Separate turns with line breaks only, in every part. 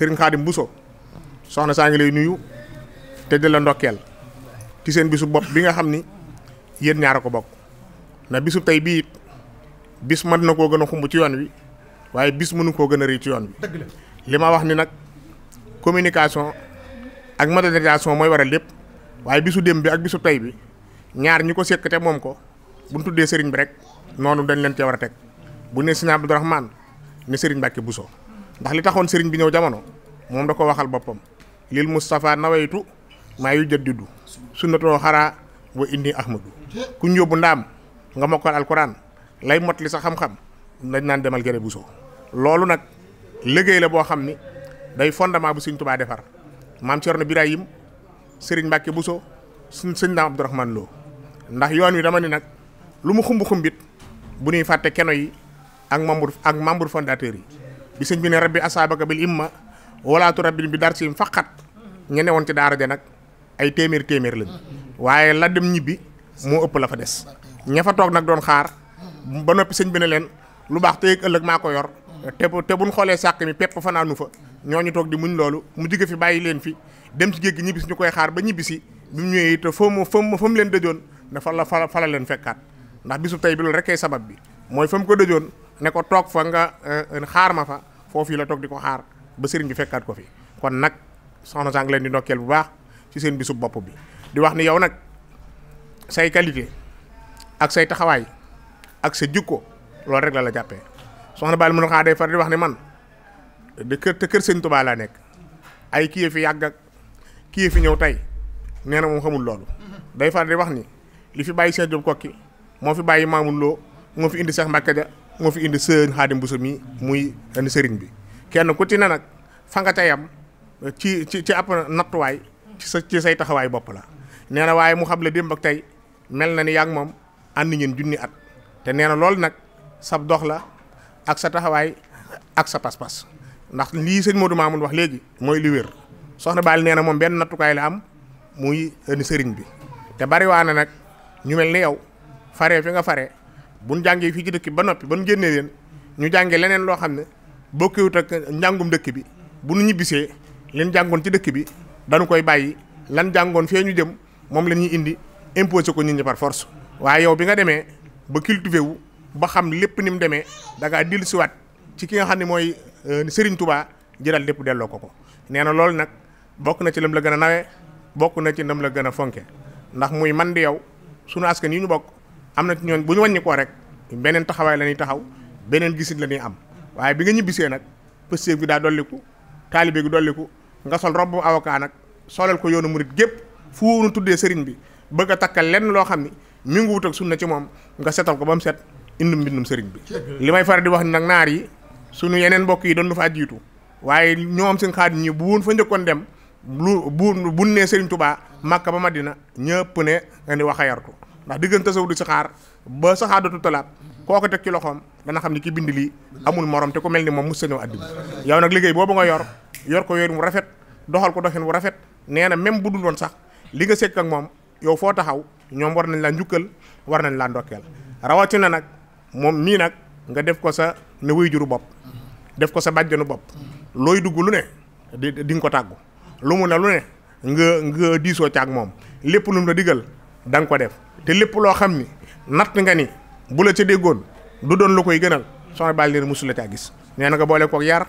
Serigne Khadim Bousso soxna saa ngi lay nuyu te di la ndokkeel ci seen bisu bopp bi nga xam ni yéen ñaar a ko bokk na bisu tey bii bis mën na koo gën a xumb ci yoon wi waaye bis mënu koo gën a rëy ci yoon wi li ma wax ni nag communication ak modernisation mooy waral lépp waaye bisu démb bi ak bisu tey bi ñaar ñi ko sekk te moom ko bu ñu tuddee sëriñ bi rek noonu dañ leen cee war a teg bu ne sëriñ Abdourahmane ne sëriñ Mbacke Bousso ndax li taxoon sëriñ bi ñëw jamono moom da ko waxal boppam lil Moustapha naweytu maa yu jaddidu sunnatoo xaraa wa indi ahmadu ku bu ndaam nga mokkal alquran lay mot li sa xam-xam nañ naan demal gere bu soo loolu nag liggéey la boo xam ni day fondement bu sëñ Tubaa defar maam Cerno Birahim sëriñ Mbàkke Buso suñ sëñ daam Abdourahman loo ndax yoon wi dama ni nag lu mu xumb xumbit bu ñuy fàtte keno yi ak membre ak membre fondateur yi bi sëñ bi ne rabbi bi bil imma walaatu rabbi bi dar siim faqat ñu newoon ci daara ja nag ay téeméer téeméer lañ waaye la dem ñibbi moo ëpp la fa des ña fa toog nag doon xaar ba noppi sëñ bi ne leen lu baax tey ak ëllëg maa ko yor te te buñ xoolee sàq mi pepp fanaanu fa ñooñu toog di muñ loolu mu digg fi bàyyi leen fi dem ci géej gi si ñu koy xaar ba ñibbisi bi mu ñëwee it foo mu fa mu fa mu leen dëjoon ne fa la fa la leen fekkaat ndax bisu tey bi loolu bi mooy fa mu ko dëjoon ne toog fa nga eh, xaar ma fa foofu la toog di ko xaar ba sëriñ bi fekkaat ko fi kon nag soxna saa ngi leen di ndokkeel bu baax ci seen bisub bopp bi di wax ni yow nag say qualité ak say taxawaay ak sa jikko loolu rek la la jàppee soxna Baal mën xaa day wax ni man de kër te laa nekk ay kii yàgg ak kii fi ñëw tey nee na moom xamul loolu day far di wax ni li fi bàyyi Cheikh Diop Kokki moo fi bàyyi Mamoun Lo moo fi indi Cheikh Mbacke ja moo fi indi sëñ Xaadim Buso mi muy indi sëriñ bi kenn ku ci ne nag fa nga tey am ci ci ci ab nattuwaay ci say taxawaay bopp la nee na waaye mu xam le démb ak tey mel na ni yaa moom ànd ngeen junni at te nee na loolu nag sab dox la ak sa taxawaay ak sa pas-pas ndax lii sëñ Modou Mamoun wax léegi mooy li wér soxna baal nee na moom benn nattukaay la am muy indi sëriñ bi te bariwaana nag ñu mel ni yow faree fi nga fare bu ñu jàngee fii ci dëkk bi ba noppi ba nu génnee leen ñu jàngee leneen loo xam ne bokkiwut ak njàngum dëkk bi bu nu ñibbisee leen jàngoon ci dëkk bi danu koy bàyyi lan jàngoon fee ñu jëm moom la ñuy indi imposé ko nit ñi par force. waaye yow bi nga demee ba cultivé wu ba xam lépp ni mu demee dagaa ngaa dellusiwaat ci ki nga xam ne mooy euh, Serigne Touba jëral lépp delloo ko ko nee na loolu nag bokk na ci lam la gën a nawee bokk na ci lam la gën a fonke ndax muy man di yow sunu askan ñu bokk. am na ci ñoon bu ñu wàññi rek beneen taxawaay la ñuy taxaw beneen gisit la ñuy am waaye bi nga ñibbisee nag pëstéef bi daa dolliku taalibe gi dolliku nga sol robb avocat nag solal ko yoonu murit gépp fu nu tuddee sëriñ bi bëgg a takkal lenn loo xam ni mi ngi wut ak sunna ci moom nga setal ko ba mu set indum mbindum sëriñ bi li may faral di wax ni nag naar yi suñu yeneen mbokk yi doon du fa jiitu waaye ñoom seen xaar ñi bu woon fa njëkkoon dem lu bu bu nee sëriñ Tubaa Màkka ba Madina ñëpp ne indi wax a ndax diggante sawdu saxaar ba saxaadatu talaab koo ko teg ci loxoom dana xam ne ki bind lii amul morom te ku mel ni moom mos a ñëw àddina yow nag boobu nga yor yor ko yor mu rafet doxal ko doxin wu rafet nee na même bu dul sax li nga sekk ak moom yow foo taxaw ñoom war nañ laa njukkal war nañ laa ndokkeel rawatina nag moom mii nag nga def ko sa ne juru bopp def ko sa bàjjanu bopp looy dugg lu ne di di nga ko tàggu lu mu ne lu ne nga nga diisoo caag moom lépp lu mu la digal da nga ko def te lépp loo xam ni natt nga ni bu la ca déggoon du doon lu koy gënal soxna bàyyi leen musul la caa gis nee na nga boole kook yar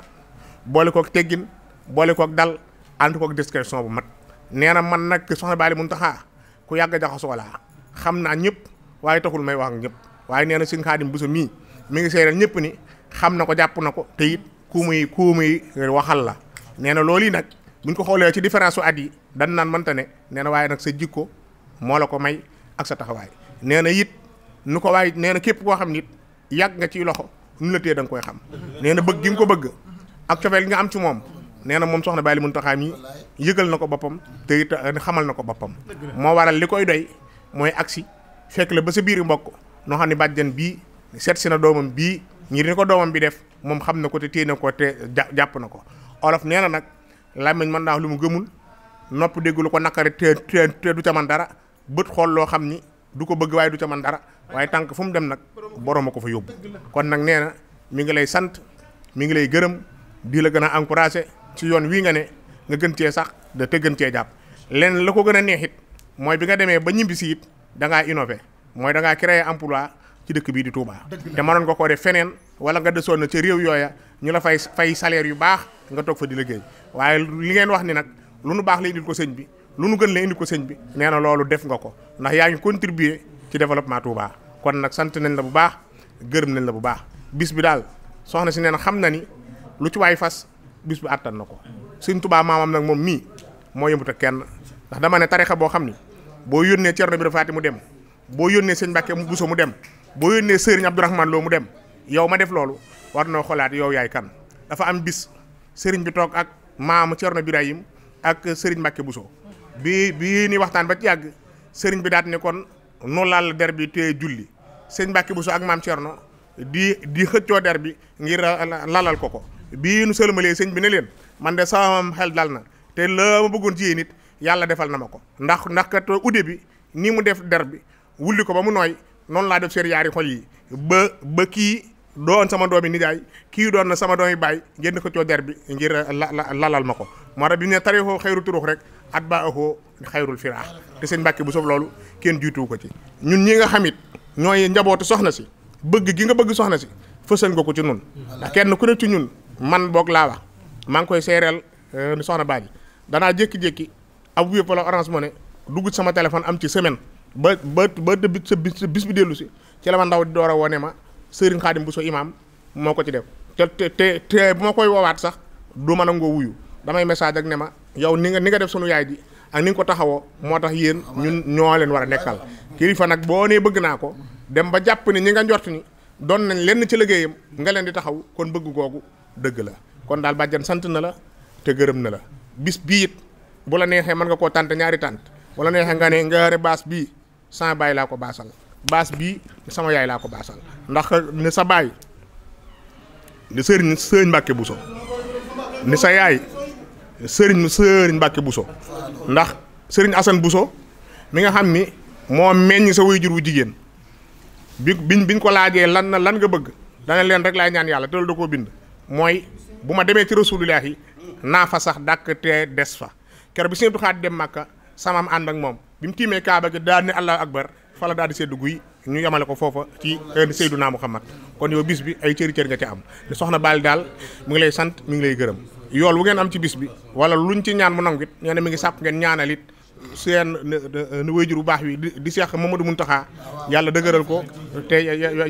boole kook teggin boole kook dal ànd kook discrétion bu mat nee na man nag soxna bàyyi mun taxaa ku yàgg a jaxasoo laa xam naa ñëpp waaye taxul may wax ñëpp waaye nee na sëñ Xaadim bu sa mii mi ngi seeral ñëpp ni xam na ko jàpp na ko te ku muy ku muy waxal la nee na loolu yi nag buñ ko xoolee ci différence su at yi dan naan mënta ne nee na waaye nag sa jikko moo la ko may ak sa taxawaay nee na it nu ko waay nee na képp koo xam nit yàgg nga ciy loxo nu la téye da nga koy xam nee na bëgg gi mu ko bëgg ak cofeel nga am ci moom nee na moom soxna Baali Muntaxa mi yëgal na ko boppam te it eh, xamal na ba sa biir mbokk bi def moom xam na ko te téye na ko te jàpp na ko olof nee na nag làmmiñ mën naa wax lu mu gëmul nopp dégg ko naqari te te du ca dara bët xool loo xam ni du ko bëgg waaye du ca man dara waaye tànk fu mu dem nag borooma ko fa yóbbu kon nag nee na mi ngi lay sant mi ngi lay gërëm di la gën a encouragé ci yoon wii nga ne nga gën cee sax da te gën cee jàpp lenn la ko gën a neex mooy bi nga demee ba ñibbi siit it da ngaa innové mooy da ngaa créé emploi ci dëkk bii di Touba te mënoon ko koo de feneen wala nga desoon na ci réew yooya ñu la fay fay salaire yu baax nga toog fa di liggéey waaye li ngeen wax ni nag lu nu baax lay indil ko sëñ bi lu nu gën la indi ko sëñ bi nee na loolu def nga ko ndax yaa ngi contribuer ci développement Touba kon nag sant nañ la bu baax gërëm nañ la bu baax bis bi daal soxna si nee na xam na ni lu ci waay fas bis bi àttan na ko sëñ Touba maamam nag moom mii moo yëmbut kenn ndax dama ne tarixa boo xam ni boo yónnee Cerno bi mu dem boo yónnee sëñ Mbàkke mu Buso mu dem boo yónnee sëriñ Abdourahmane loo mu dem yow ma def loolu war noo xoolaat yow yaay kan dafa am bis sëriñ bi toog ak maamu Cerno Birahim ak sëriñ Mbàkke Buso bi bi yii ni waxtaan ba ci yàgg sëriñ bi daat ni kon nu laal der bi te julli sëñ bu Buso ak maam Cerno di di xëccoo der bi ngir lalal ko ko bii nu sëlmalee sëñ bi ne leen man de sama xel dal na te la ma bëggoon ci yéen it yàlla defal na ma ko ndax ndax kat ude bi ni mu def der bi wulli ko ba mu nooy noonu laa def seen yaari xol yi ba ba kii doon sama doomi nijaay kii doon na sama doomi baay ngeen di xëccoo der bi ngir la la lalal ma ko moo bi ne tarixoo xëyru turux rek at ba axoo xayrul firaax te sëñ Mbàkke bu sof loolu kenn jiituwu ko ci ñun ñi nga xamit ñooy njabootu soxna si bëgg gi nga bëgg soxna si fësal nga ko ci ñun kenn ku ne ci ñun man boog laa wax maa ngi koy seereel euh, soxna baaji danaa jékki-jékki ab wépp wala orange money dugg sama téléphone am ci semaine ba ba ba dëbbi sa bis bi dellu si ci la ma ndaw di door a wone ma sëriñ Xaadim bu so imaam moo ko ci def te te te bu ma koy woowaat sax du mën a ngoo damay message ak ne ma yow ni nga ni nga def sunu yaay ji ak ni nga ko taxawoo moo tax yéen ñun ñoo leen war a nekkal kilifa nag boo nee bëgg naa ko dem ba jàpp ni ñi nga njort ni doon nañ lenn ci liggéeyam nga leen di taxaw kon bëgg googu dëgg la kon daal bàjjan sant na la te gërëm na la bis bii bu la neexee man nga koo tànt ñaari tànt wala neexee nga ne ngaare baas bii sama baay laa ko baasal baas bii sama yaay laa ko baasal ndax ne sa baay ni sëriñ sëriñ Mbàkke Buso sa yaay sëriñ sëriñ Mbacke Bousso ndax sëriñ Assane Bousso mi nga xam ni moo meññ sa waajur wu jigéen bi bi biñ ko laajee lan na lan nga bëgg dana leen rek laay ñaan yàlla te loolu da koo bind mooy bu ma demee ci rasulullah yi naa fa sax dàkk te des fa kero bi sëriñ Abdou Khadre dem Màkka samaam ànd ak moom bi mu tiimee Kaaba gi daal ne allahu bar fala daal di seddu guy ñu yemale ko foofa ci naa euh, Seydunaa Muhammad kon yow bis bi ay cëri cër nga ci am soxna Baali daal mu ngi lay sant mi ngi lay gërëm yool wu ngeen am ci bis bi wala luñ ci ñaan mu nangu it nee na mi ngi sàpp ngeen ñaanal it seen wéyjur bu baax wi di Seex Mamadu taxaa yàlla dëgëral ko te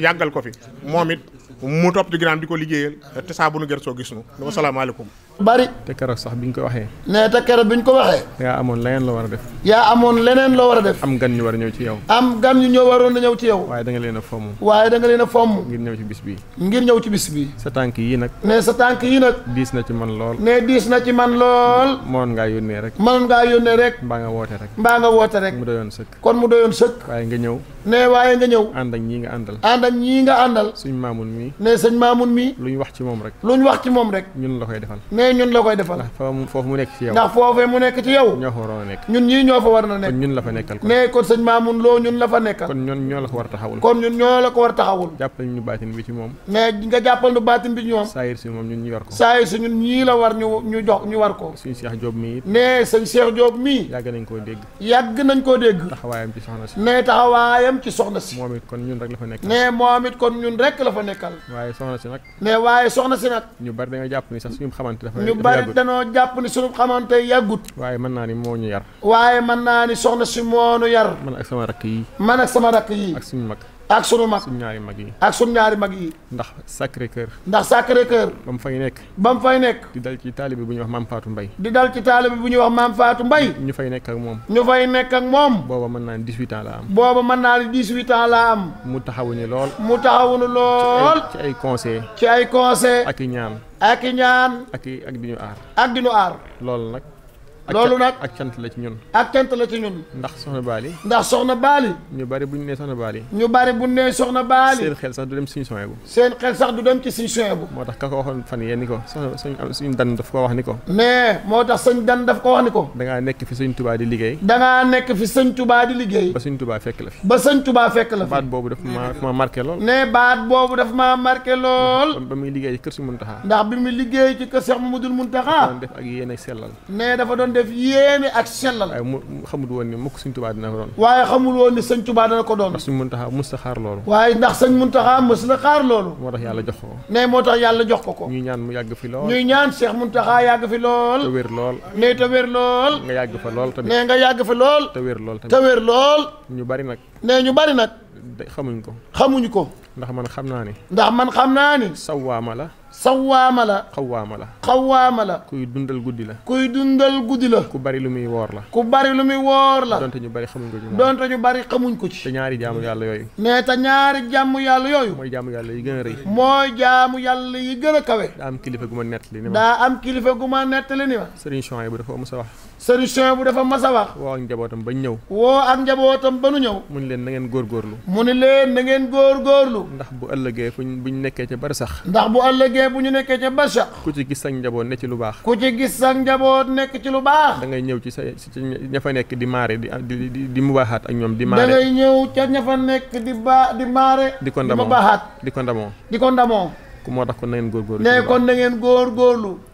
yàggal ko fi moom it mu topp ci ginnaaw di ko liggéeyal te saa nu gër soo gis nu wasalaamaaleykum
bari. te keroog sax bi ñu ko waxee. nee te keroog bi ñu ko waxee. yaa amoon leneen la war a def. yaa amoon leneen la war a def. am gan ñu war a ñëw ci yow. am gan ñu ñëw waroon na ñëw ci yow. waaye da leen a fomm. waaye da nga leen a fomm. ngir ñëw ci bis bii. ngir ñëw ci bis bi sa tànk yii nag. ne sa tànk yii nag. diis na ci man lool. ne diis na ci man lool. mënoon ngaa yónnee rek. mënoon ngaa yónnee rek. mbaa nga woote rek. mbaa nga woote rek. mu doyoon sëkk. kon mu doyoon sëkk. waaye nga ñëw. nee waaye nga ñëw. ànd ak ñii nga àndal. ànd ak ñii nga àndal. suñ maamun mi. nee sëñ maamun mi. luñ wax ci moom rek. luñ wax ci moom rek. ñun la koy defal. yooyu ñun la koy defal. foofu mu nekk ci yow. ndax foofee mu nekk ci a nekk. ñun ñii na nekk. kon ñun la fa nekkal. mais kon sëñ Mamoune Lo ñun la fa ko ñu la war ñu ñu jox ñu war ko. suñu Cheikh Diop mii. yàgg nañ koo dégg. yàgg nañ koo dégg. taxawaayam si. mais taxawaayam ci soxna moom it kon ñun rek la fa nekkal. waaye soxna si nag. mais waaye soxna si nag. ñu bari dañoo jàpp ni sax suñu xamante dafa ñu bari danoo jàpp ni sunu xamante yàggut waaye mën naa ni moo ñu yar waaye man naa ni soxna si moonu yar man ak sama rakk yi man ak sama rakk yi ak suñu mag ak sunu mag sunu ñaari mag yi. ak sunu ñaari mag yi. ndax Sacré Cœur. ndax Sacré Cœur. ba mu fay nekk. ba mu fay nekk. di dal ci taalibe bu ñuy wax maam Fatou mbay di dal ci taalibe bu ñuy wax maam Fatou Mbaye. ñu fay nekk ak moom. ñu fay nekk ak moom. booba mën naa ne dis huit ans la am. booba mën naa ne dix-huit ans la am. mu taxawuñu lool. mu taxawuñu lool. ci ay conseil ci ay conseil. ak i ñaan. ak i ñaan. ak i ak di ñu aar. ak di aar. loolu nag. loolu nag ak cant la ci ñun ak cant la ci ñun ndax soxna baali ndax soxna baali ñu bari bu ñu nee soxna baali ñu bari bu ñu nee soxna baali seen xel sax du dem suñu soñe bu seen xel sax du dem ci suñu soñe bu moo tax ka ko waxoon fan yee ni ko soxna suñu dan daf ko wax ni ko mais moo tax sëñ dan daf ko wax ni ko da ngaa nekk fi sëñ tubaa di liggéey da ngaa nekk fi sëñ tubaa di liggéey ba sëñ tubaa fekk la fi ba sëñ tubaa fekk la fi baat boobu daf ma ma marqué lool ne baat boobu daf ma marqué lool ba muy liggéey ci kër suñu muntaxaa ndax bi muy liggéey ci kër Cheikh Mamadou Muntaxaa def ak yéene sellal ne dafa doon def yéene ak sellal waaye mu xamul woon ni mukk sëñ tubaa dina ko doon waaye xamul woon ni sëñ tubaa dana ko doon ndax sëñ muntaxaa mës na xaar loolu waaye ndax sëñ muntaxaa mës na xaar loolu moo tax yàlla jox ko ne moo tax yàlla jox ko ko ñuy ñaan mu yàgg fi lool ñuy ñaan Cheikh muntaxaa yàgg fi lool te wér lool ne te wér lool nga yàgg fa lool tamit ne nga yàgg fa lool te wér lool tamit te wér lool ñu bari nag ne ñu bari nag xamuñ ko xamuñ ko ndax man xam naa ni ndax man xam naa ni sawwaama la sawaama la xawaama la xawaama la kuy dundal guddi la kuy dundal guddi la ku bari lu muy woor la ku bari lu muy woor la donte ñu bari xamuñ ko ci moom donte ñu bari xamuñ ko ci te ñaari jaamu yàlla yooyu mais te ñaari jaamu yàlla yooyu mooy jàmm yàlla yi gën a rëy mooy jaamu yàlla yi gën a kawe daa am kilifa gu ma nettali ni ma daa am kilifa gu ma nettali ni ma sëriñ Chouaïb bu dafa mas a wax sëriñ Chouaïb bu dafa mas a wax woo ak njabootam ba ñëw woo ak njabootam ba nu ñëw mu leen na ngeen góorgóorlu mu ni leen na ngeen ndax bu ëllëgee fuñ buñ nekkee ca bari sax gee bu ñu nekkee ca basha ku ci gis sa njaboot ne ci lu baax ku ci gis sa njaboot nekk ci lu baax da ngay ñëw ci sa ña fa nekk di maare di di di mubaaxaat ak ñoom di maare da ngay ñëw ca ña fa nekk di ba di maare di ko ndamoo di ko ndamoo di ko ndamoo ku moo tax kon na ngeen góorgóorlu ne kon na ngeen góorgóorlu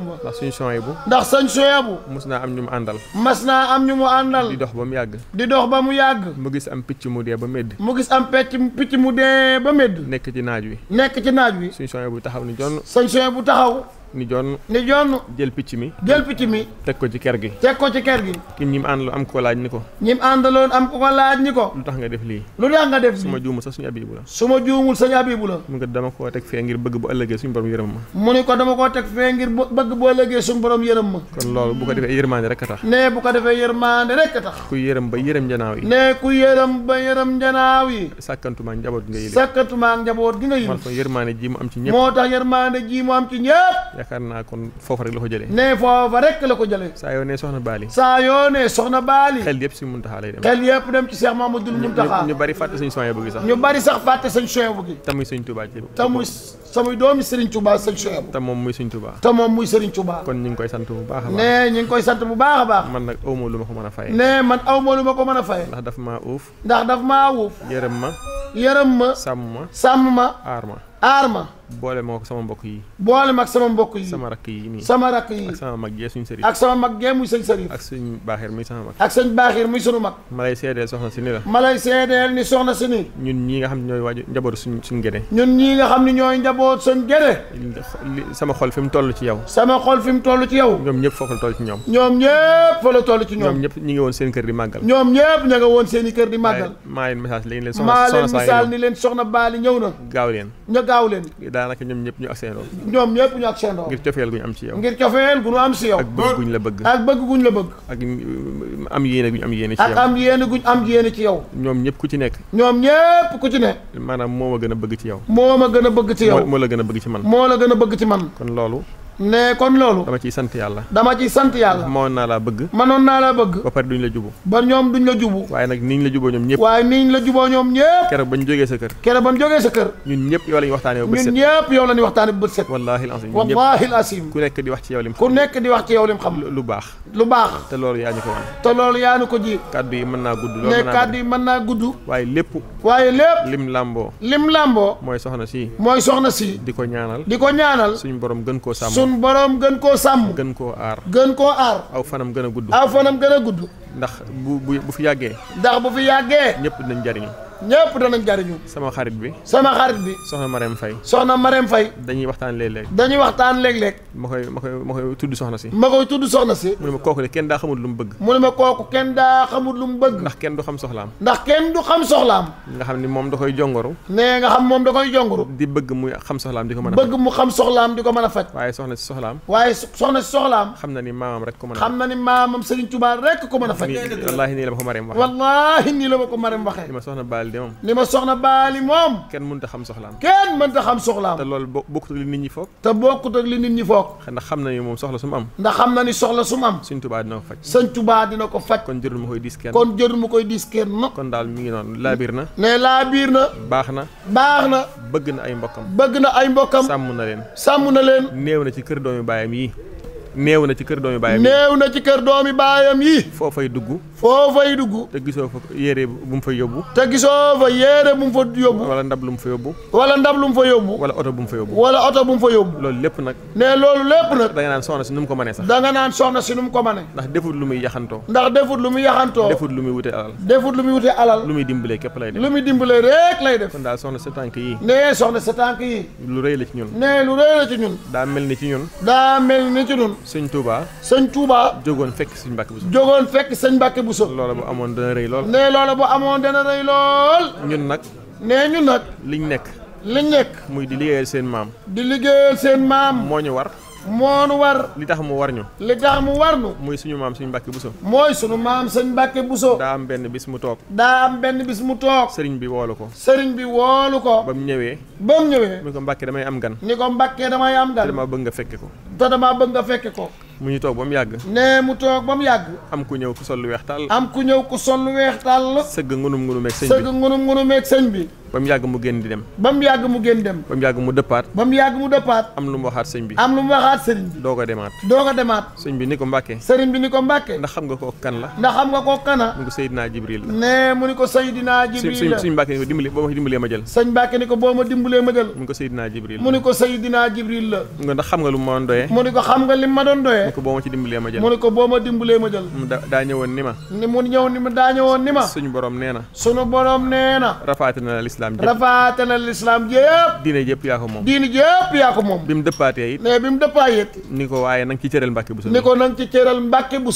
ndax suñu bu ndax sañ Suwaybu mos naa am ñu mu àndal mas naa am ñu mu àndal di dox ba mu yàgg di dox ba mu yàgg mu gis am picc mu dee ba medd mu gis am pecc picc mu dee ba medd nekk ci naaj wi nekk ci naaj wi suñu bu taxaw ni jonn sañ bu taxaw ni jonn ni jonn jël picc mi jël picc mi teg ko ci ker gi teg ko ci ker gi ki ñim àndaloon am ko laaj ni ko ñim àndaloon am ko laaj ni ko lu tax nga def lii lu tax nga def lii su ma juumul sa suñu abibu la su ma juumul sañu abibu la mu ne ko dama koo teg fee ngir bëgg bu ëllëgee suñu borom yërëm ma ne ko dama koo teg fee ngir bëgg bu ëllëgee suñu borom yërëm ma kon loolu bu ko defee yërmaande rek a tax ne bu ko defee yërmaande rek a tax ku yërëm ba yërëm njanaaw yi ne ku yërëm ba yërëm njanaaw yi sàkkantumaa njaboot gi nga yël sàkkantumaa nga yël moo tax yërmaande ji mu am ci ñëpp moo tax yërmaande ji yaakaar naa kon foofa rek la ko jëlee ne foofa rek la ko jëlee saa yoo ne soxna baali saa yoo ne soxna baali xel yëpp si muntaxa lay dem xel yëpp dem ci Cheikh Mamadou Muntaxa ñu bari fàtte suñ soye bëggi sax ñu bari sax fàtte suñ soye bëggi te muy suñ Tuubaa ci te muy samuy doomi Serigne Touba sëñ Chouaib te moom muy Serigne Touba te moom muy Serigne Touba kon ñu ngi koy sant bu baax a baax ne ñu ngi koy sant bu baax a baax man nag aw ma lu ma ko mën a faye ne man aw ma lu ma ko mën a faye ndax daf maa uuf ndax daf maa uuf yërëm ma yërëm ma sàmm ma sàmm ma aar ma aar ma. boole moo ak sama mbokk yi. boole ma ak sama mbokk yi. sama rakk yi nii. sama sama mag jee suñ sëriñ. ak sama mag jee muy sëñ sëriñ. ak suñ baaxir muy sama mag. ma lay seedeel soxna si ni la. ma soxna si ñun ñii nga xam ñooy waaju njaboot suñ suñ gëne. ñun ñii nga xam ne ñooy njaboot suñ gëne. sama xol fi mu toll ci yow. sama xol fi mu toll ci yow. ñoom ñëpp foofu la ci ñoom. ñoom ñëpp fa la ci ñoom. ñëpp ñi nga woon seen kër di màggal. ñoom ñëpp ña woon seen i kër di màggal. maa leen message léegi leen maa leen misaal ni leen soxna baali ñëw na. gaaw leen gaaw leen daanaka ñoom ñëpp ñu ak seen ñoom ñëpp ñu ak seen ngir cofeel gu ñu am ci yow ngir cofeel gu ñu am ci yow ak bëgg guñ la bëgg ak bëgg la bëgg ak mm, am yéene guñ am yéene ci yow ak am yéene guñ ci yow ñoom ñëpp ku ci nekk ñoom ñëpp ku ci ne maanaam moo ma gën a bëgg ci yow moo ma gën a bëgg ci yow moo la gën a bëgg ci man moo la gën a bëgg ci man kon loolu ne kon loolu. dama ciy sant yàlla. dama ciy sant yàlla. mënoon naa laa bëgg. manoon naa laa bëgg. ba pare duñ la jubu. ba ñoom duñ la jubu. waaye nag niñ la juboo ñoom ñëpp. waaye niñ la juboo ñoom ñëpp. keroog bañ jógee sa kër. keroog bañ jógee sa kër. ñun ñëpp yow la waxtaanee ba bët set ñun ñëpp yow la ñu waxtaanee ba bët wallaahi alasim wallaahi ku nekk di wax ci yow lim xam xam. lu baax. lu baax. te loolu yaa ñu ko wan. te loolu yaa ñu ko ji. kàddu yi mën naa gudd. loolu mën naa ne kàddu yi mën naa gudd. waaye lépp. waaye lépp. làmboo. mooy soxna si. mooy soxna si. di ko ñaanal. di ko ñaanal. suñu borom gën koo sàmm sunu borom gën koo sàmm. gën koo aar gën koo aar. aw fanam gën a gudd. aw fanam gën a gudd. ndax bu bu bu fi yàggee. ndax bu fi yàggee. ñëpp dinañ njariñ ñëpp danañ jariñu sama xarit bi sama xarit bi soxna Marème Faye soxna Marème Faye dañuy waxtaan léeg-léeg dañuy waxtaan léeg-léeg ma koy ma koy ma koy tudd soxna si ma koy tudd soxna si kooku kenn daa xamul lu mu bëgg mu ne ma kenn daa xamul lu mu bëgg ndax kenn du xam soxlaam ndax kenn du xam soxlaam nga xam ni moom da koy jongoru nee nga xam moom da koy jongoru di bëgg mu xam soxlaam di ko xam soxlaam di ko mën a faj waaye soxna si soxlaam waaye soxna si soxlaam xam na ni maamam rek ko mën a xam na ni maamam Serigne Touba rek ko mën a faj wallaahi nii la ma ko Marème waxee wallaahi nii la ma ko Marème waxee baali de moom ni ma soxna baali moom kenn mënta xam soxlaam kenn mënta xam soxlaam te loolu bo ak li nit ñi foog te bokkut ak li nit ñi foog ndax xam na ni moom soxla su am ndax xam na ni soxla su am sëñ tubaa dina ko faj sëñ tubaa dina ko faj kon jërul ma koy diis kenn kon jërul ma koy diis kenn kon daal mu ngi noonu laa biir na ne laa biir na baax na baax na bëgg na ay mbokkam bëgg na ay mbokkam sàmm na leen sàmm na leen néew na ci kër doomi baayam yi néew na ci kër doomi baayam yi néew na ci kër doomi baayam yi foofay dugg foofay dugg. te gisoo fa yére bu mu fa yóbbu. te gisoo fa yére bu mu fa yóbbu. wala ndab lu mu fa yóbbu. wala lu mu fa oto bu mu fa yóbbu. wala oto bu mu fa loolu lépp nag. ne loolu lépp nag. da nga naan soxna si nu mu ko mënee sax. da naan soxna si nu mu ko mënee. ndax defut lu muy yaxantoo. ndax defut lu muy yaxantoo. defut lu muy wute alal. defut lu muy wute alal. lu muy dimbalee képp lay def. lu muy dimbalee rek lay def. kon soxna sa tànk yi. ne soxna sa tànk yi. lu rëy la ci ñun. ne lu rëy la ci ñun. daa mel ni ci ñun. daa mel ni ci ñun. Bousso. loola bu amoon dana rëy lool. nee loola bu amoon dana rëy lool. ñun nag. nee ñun nag. liñ nekk. liñ nekk. muy di liggéeyal seen maam. di liggéeyal seen maam. moo ñu war. nu war li tax mu war ñu li tax mu war ñu muy suñu maam suñu mbàkke buso mooy suñu maam suñ mbàkke buso daa am benn bis mu toog daa benn bis mu toog sëriñ bi woolu ko sëriñ bi woolu ko ba mu ñëwee ba mu ñëwee ni ko mbàkke damay am gan ni ko mbàkke damay am gan te damaa bëgg nga ko te damaa bëgg nga fekke ko mu ñu toog ba mu yàgg. nee mu toog ba mu yàgg. am ku ñëw ku sol lu weex tàll. am ku ñëw ku sol lu weex tàll. sëgg ngunum ngunum ak sëñ bi sëgg ngunum ngunum ak sëñ bi. ba mu yàgg mu génn di dem ba mu yàgg mu génn dem ba mu yàgg mu dëppaat ba mu yàgg mu dëppaat am lu mu waxaat sëñ bi am lu mu waxaat sëriñ bi doo ko demaat doo ko demaat sëñ bi ni ko mbàkke sëriñ bi ni ko mbàkke ndax xam nga koo kan la ndax xam nga koo kana mu ko Seydina Jibril la ne mu ni ko Seydina Jibril la sëñ mbàkke ni ko dimbali boo ma dimbalee ma jël sëñ mbàkke ni ko boo ma dimbalee ma jël mu ni ko Seydina Jibril mu ni ko Seydina Jibril la mu ni ko ndax xam nga lu ma doon doyee mu ni ko xam nga li ma doon doyee mu ni ko boo ma ci dimbalee ma jël mu ni ko boo ma dimbalee ma jël daa ñëwoon ni ma ni mu ñëw ni ma daa ñëwoon ni ma suñu borom nee na suñu borom nee na rafaati na la lislaam jëpp rafaate na lislaam jëpp diine jëpp yaa ko moom diine jëpp yaa ko moom bi mu dëppaatee it mais bi mu dëppaatee it ni ko waaye nanga ci cëral mbàkke bu sóor ni ko nanga mbàkke bu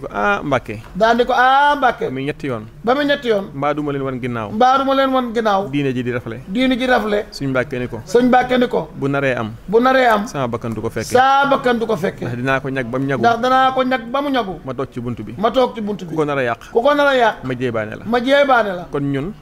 ko ah mbàkke daan ko ah mbàkke ba muy ñetti yoon ba muy ñetti yoon mbaa duma leen wan ginnaaw mbaa duma leen wan ginnaaw diine ji di rafle diine ji rafle suñ mbàkke ni ko suñ mbàkke ni ko bu naree am bu naree am sama bakkan du ko fekke sama bakkan du ko fekke ndax ko ñag ba mu ñagu ndax ma toog ci bunt bi ma toog ci ko nar a yàq ku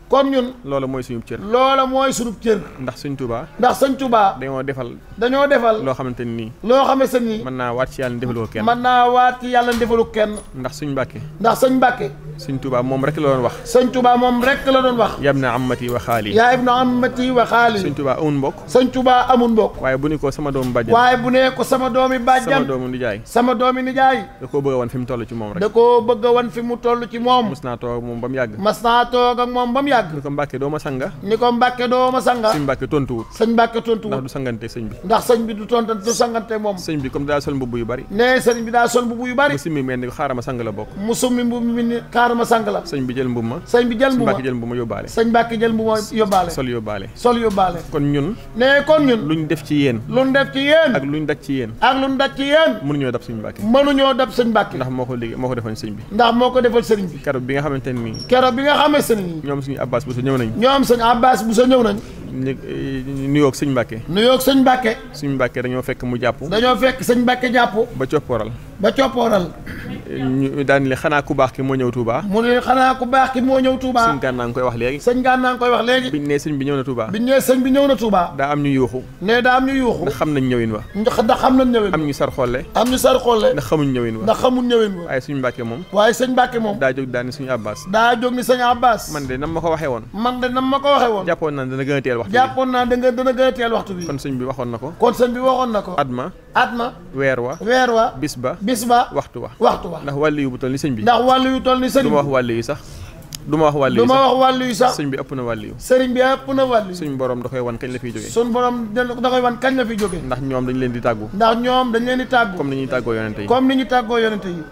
ko a suñu cër loola mooy suñu cër ndax sëñ Tuubaa ndax sëñ Tuubaa dañoo defal dañoo defal loo xamante nii loo xamante nii mën naa waat ci yàlla defalu ko kenn mën naa waat ci yàlla defalu kenn ndax suñ Mbàkke ndax sëñ Touba moom rek la doon wax. sëñ moom rek la doon wax. yaa ibna ammati wa xaali. yaa ibna ammati wa xaali. waaye bu ne ko sama doomu bàjjan. waaye bu ne ko sama doomi bàjjan. sama doomu nijaay. sama doomi nijaay. da koo mu toll ci moom rek. da koo bëgg a wan fi mu toll ci moom. mas naa toog ak moom ba mu yàgg. mas naa toog ak moom ba mu yàgg. ni ko Mbàkke doo ma sanga. ni ko Mbàkke doo ma sanga. sëñ Mbàkke tontuwut. sëñ Mbàkke tontuwut. ndax du sangante sëñ bi. ndax sëñ bi du tontante du sangante moom. sëñ bi comme daa sol mbubb yu bari. nee sëñ bi daa sol mbubb yu bari. mu ni xaaral ma sang la bokk. mu Adama Sànq la sëñ bi jël mbubb ma sëñ bi jël mbubb ma sëñ Mbàkke jël mbubb ma yóbbaale sëñ Mbàkke jël mbubb ma yóbbaale sol yóbbaale Mbàkke mënuñoo Mbàkke ko moo ko defal bi ndax moo ko defal sëriñ bi keroog bi sa ñëw nañ ñoom suñu Abbas bu sa ñëw nañ eh, nuyoog sëñ Mbàkke nuyoog dañoo fekk mu jàpp dañoo fekk sëñ Mbàkke jàpp ba coppooral ba coppooral ñu daan le xanaa ku baax ki moo ñëw Touba mu ne xanaa ku baax ki moo ñëw Touba sëñ gànnaa ngi koy wax léegi sëñ gànnaa ngi koy wax léegi biñ ne sëñ bi ñëw na Touba biñ ne sëñ bi ñëw na Touba daa am ñu yuuxu ne daa am ñu yuuxu ndax xam nañ ñëwin wa ndax xam nañ ñëwin am ñu sar xolle am ñu sar xolle ndax xamuñ ñëwin wa ndax xamuñ ñëwin wa waaye suñ Mbàkke moom waaye sëñ Mbàkke moom daa jóg daa suñu Abbas daa jóg ni sëñ Abbas man de nam a a wa weer ndax wàllu yu bu toll ni sëñ bi ndax wàllu yu toll ni sëñ bi du wax wàllu yi sax du ma wax wàllu yi sax du ma wax wàllu yi sëñ bi ëpp na wàllu yu sëriñ bi ëpp na wàllu suñ borom da koy wan kañ la fiy jógee suñ borom da koy wan kañ la fiy jógee ndax ñoom dañ leen di tàggu ndax ñoom dañ leen di tàggu comme ni ñuy tàggoo yonente yi comme ni ñuy tàggoo yonente yi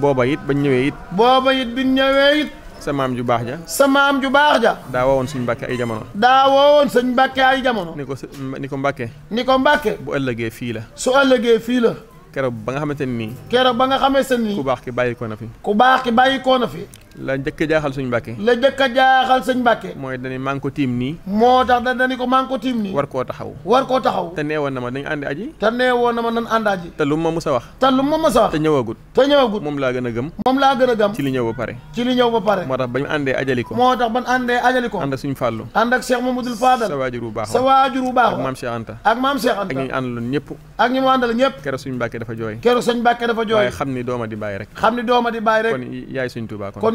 booba it bañ ñëwee it booba it biñ ñëwee it sama am ju baax ja sa maam ju baax ja daa woon suñ mbàkke ay jamono daa woowoon suñ mbàkke ay jamono ni ko ni ko mbàkke ni ko mbàkke ëllëgee fii la su ëllëgee fii la keroog ba nga xamante ne nii. keroog ba nga xamante ne nii. ku baax ki bàyyi na fi. ku baax ki bàyyi ko fi. la njëkk a jaaxal suñ mbàkke la njëkk a jaaxal suñ mbàkke mooy dani maa ngi ko tiim nii moo tax da dani ko maa ngi ko tiim nii war koo taxaw war koo taxaw te neewoon na ma dañ ànd aji te neewoon na ma nan ànd aji te lu ma mës a wax te lu ma mës a wax te ñëwagut te ñëwagut moom laa gën a gëm moom laa gën a gëm ci li ñëw ba pare ci li ñëw ba pare moo tax bañ àndee ajali ko moo tax ban àndee ajali ko ànd ak suñ fàllu ànd ak Cheikh Mamadou Fadal sa waajur bu baax sa waajur bu baax ak maam Cheikh Anta ak maam Cheikh Anta ak ñu àndaloon ñëpp ak ñu mu àndal ñëpp kero suñ mbàkke dafa jooy kero suñ mbàkke dafa jooy xam ni dooma di bàyyi rek xam ni dooma di bàyyi rek kon yaay suñ Tuubaa kon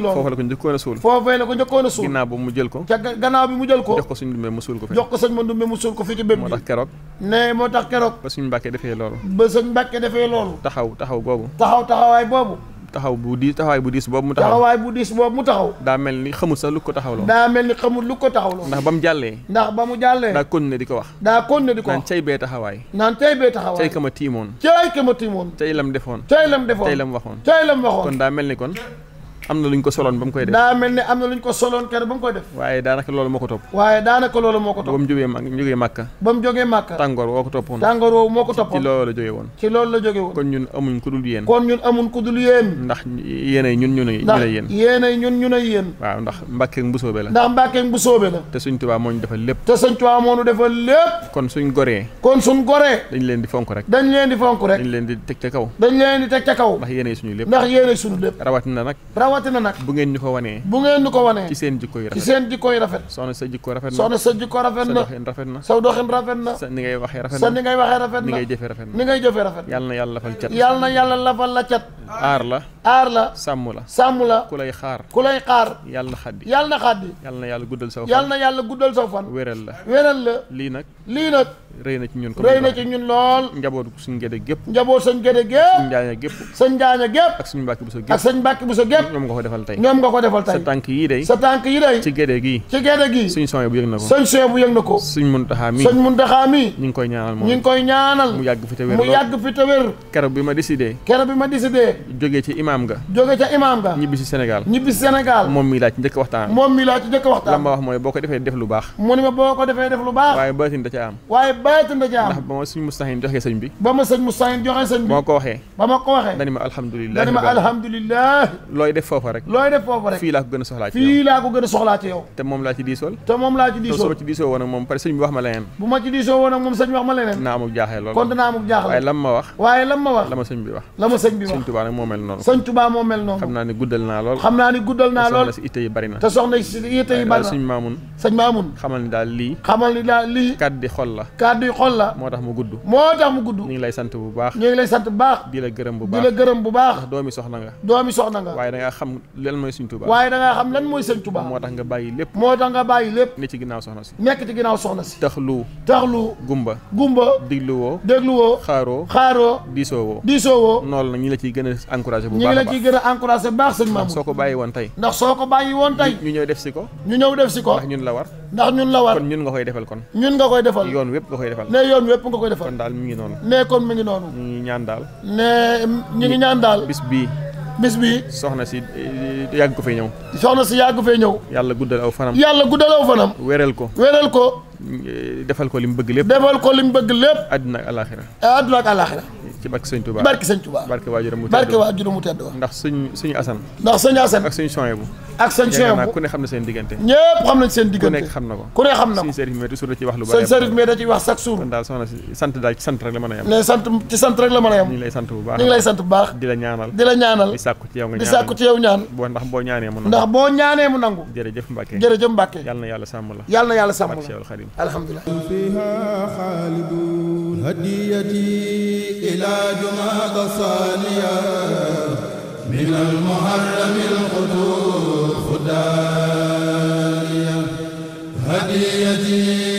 loolu foofee la ko njëkkoon a suul foofee la ko njëkkoon a suul ginnaaw ba mu jël ko ca gannaaw bi mu jël ko jox ko suñ dumbee mu suul ko fi jox ko sëñ ma dumbee mu suul ko fi ci bépp moo tax keroog ne moo tax keroog ba suñ mbàkkee defee loolu ba suñ mbàkkee defee loolu taxaw taxaw boobu taxaw taxawaay boobu taxaw bu diis taxawaay bu diis boobu mu taxaw taxawaay bu diis boobu mu taxaw daa mel ni xamul sax lu ko taxawloo daa mel ni xamul lu ko taxawloo ndax ba mu jàllee ndax ba mu jàllee daa continué di ko wax daa continué di ko wax naan cay bee taxawaay naan cay bee taxawaay cay kama tiimoon cay kama tiimoon cay lam defoon cay lam defoon cay lam waxoon cay lam waxoon kon daa mel ni kon am na luñ ko soloon ba mu koy def daa mel ne am na luñ ko soloon kenn ba mu koy def waaye daanaka loolu moo ko topp waaye daanaka loolu moo ko topp ba mu jógee mu jógee màkka ba mu jógee màkka tàngoor woo ko toppoon tàngoor woowu moo ko toppoon ci loolu la jógee woon ci loolu la jógee woon kon ñun amuñ ku dul yéen kon ñun amuñ ku dul yéen ndax yéenay ñun ñu ne ñu ne yéen yéenay ñun ñu ne yéen waaw ndax mbàkkeeg bu soobee la ndax mbàkkeeg bu soobee la te suñ tubaa moo ñu defal lépp te suñ tubaa moo ñu defal lépp kon suñ goree kon suñ goree dañ leen di fonk rek dañ leen di fonk rek dañ leen di teg ca kaw dañ leen di teg ca kaw ndax yéenay suñu lépp ndax yéenay suñu lépp rawatina nag rawatina nag bu ngeen ñu ko wanee bu ngeen ñu ko wanee ci seen jikko yi rafet ci seen jikko yi rafet soxna sa jikko rafet na soxna sa jikko rafet na sa doxin rafet na sa doxin rafet na sa ni rafet na sa na yàlla la cat aar la aar la sàmm la sàmm la ku lay xaar ku lay xaar yàlla na xaddi yàlla na xaddi yàlla na yàlla guddal saw fan yàlla na yàlla guddal saw la wéral lii nag lii nag rëy na ci ñun ko rëy na ci ñun lool njaboot suñ géde gépp njaboot sañ géde gépp suñ njaaña gépp sañ njaaña gépp suñ mbàkki sa gépp ak sañ bu sa gépp ñoom nga ko defal tey ñoom nga ko defal tey sa tànk yi day sa tànk yi day ci gédé gii ci gédé gii suñ soñ bu yëg na ko suñ soñ bu yëg na ko suñ muntaxaa mi suñ muntaxaa mi ñu ngi koy ñaanal moom ñu ngi koy ñaanal mu yàgg fi te wér mu yàgg fi te wér keroog bi ma décidé keroog bi ma décidé jógee ci imaam nga jógee ca imaam nga ñibbi si Sénégal ñibbi si Sénégal moom mi laa ci njëkk waxtaan moom mi laa ci njëkk waxtaan la ma wax mooy boo ko defee def lu baax mu ne ma boo ko defee def lu baax waaye baatin da ca am waaye baatin da ca am ndax ba ma suñ mustahin joxee sëñ bi ba ma sëñ mustahin joxee sëñ bi ba ma ko waxee ba ma ko waxee dani ma alhamdulilah dani ma alhamdulilah looy def foofa rek looy def foofa rek fii laa ko gën a soxlaa ci yow fii laa ko gën a soxlaa ci yow te moom laa ci diisool te moom laa ci diisool soo ci diisoo woon ak moom pare sëñ bi wax ma leneen bu ma ci diisoo woon ak moom sëñ bi wax ma leneen naa amuk jaaxle lool kon dinaa amuk jaaxle waaye lam ma wax waaye lam ma wax la ma sëñ bi wax la ma sëñ bi wax sëñ tubaa nag moo mel noonu sëñ tubaa moo mel noonu xam naa ni guddal naa lool xam naa ni guddal naa lool si itte yi bari na te soxna si itte yi bari na sëñ maamun sëñ maamun xamal ni daal lii xamal ni daal lii kàddi xol la kàddi xol la moo tax mu gudd moo tax mu gudd ñu ngi lay sant bu baax ñu ngi lay sant bu baax di la gërëm bu baax di la gërëm bu baax doomi soxna nga doomi soxna nga waaye danga xam lan mooy sëñ Touba waaye da lan mooy sëñ Touba moo tax nga bàyyi lépp moo tax nga bàyyi lépp ne ci ginnaaw soxna si nekk ci ginnaaw soxna si taxlu taxlu gumba gumba dégluwoo dégluwoo xaaroo xaaroo diisoowoo diisoowoo noonu la ñi la ciy gën a encouragé bu baax ñi la ciy baax sëñ Mamour soo ko bàyyi woon tey ndax soo ko bàyyi woon tey ñu ñëw def si ko ñu ñëw def si ko ndax ñun la war ndax ñu ñun la war ñu ñun nga koy defal kon ñun nga koy defal yoon wépp nga koy defal ne yoon wépp nga koy defal daal mi ngi noonu ne kon mi ngi noonu ñu ngi ñaan daal ne ñu ngi bis bi soxna si eh, yàgg ko fee ñëw soxna si yàgg ko fee ñëw yàlla guddal aw fanam yàlla guddal aw fanam wéral ko wéral ko eh, defal ko li mu bëgg lépp defal ko li mu bëgg lépp àdduna ak alaxira eh, àdduna ak alaxira ci barke sëñ Touba barke sëñ Touba barke waajuram mu tedd barke waajuram mu tedd ndax suñ suñu asan ndax suñu asan ak suñu sooyebu ak sëñ Cheikh bu ku ne xam na seen diggante ñëpp xam nañ seen diggante ku nekk xam na ko ku ne xam na ko sëñ Serif mais toujours da ciy wax lu bari sëñ Serif mais da ciy wax chaque jour kon daal soxna si sant daal ci sant rek la mën a yem ne sant ci sant rek la mën a yem ñu ngi lay sant bu baax ñu ngi lay sant bu baax di la ñaanal di la ñaanal di sàkku ci yow nga ñaan di sàkku ci yow ñaan boo ndax boo ñaanee mu nangu ndax boo ñaanee mu nangu jërëjëf Mbacke jërëjëf Mbacke yàlla na yàlla sàmm la yàlla na yàlla sàmm la alhamdulilah fiha khalidun hadiyati ila jumada saniya من المحرم القدور
خدايا
هديتي